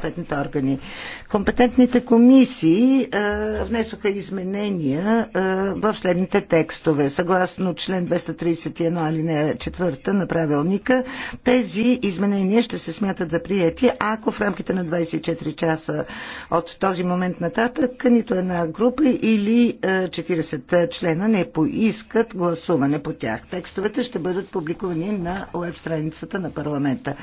съответните органи. Компетентните комисии е, внесоха изменения е, в следните текстове. Съгласно член 231 алинея 4 на правилника, тези изменения ще се смятат за приети, ако в рамките на 24 часа от този момент нататък нито една група или 40 е, члена не поискат гласуване по тях. Текстовете ще бъдат публикувани на веб страницата на парламента.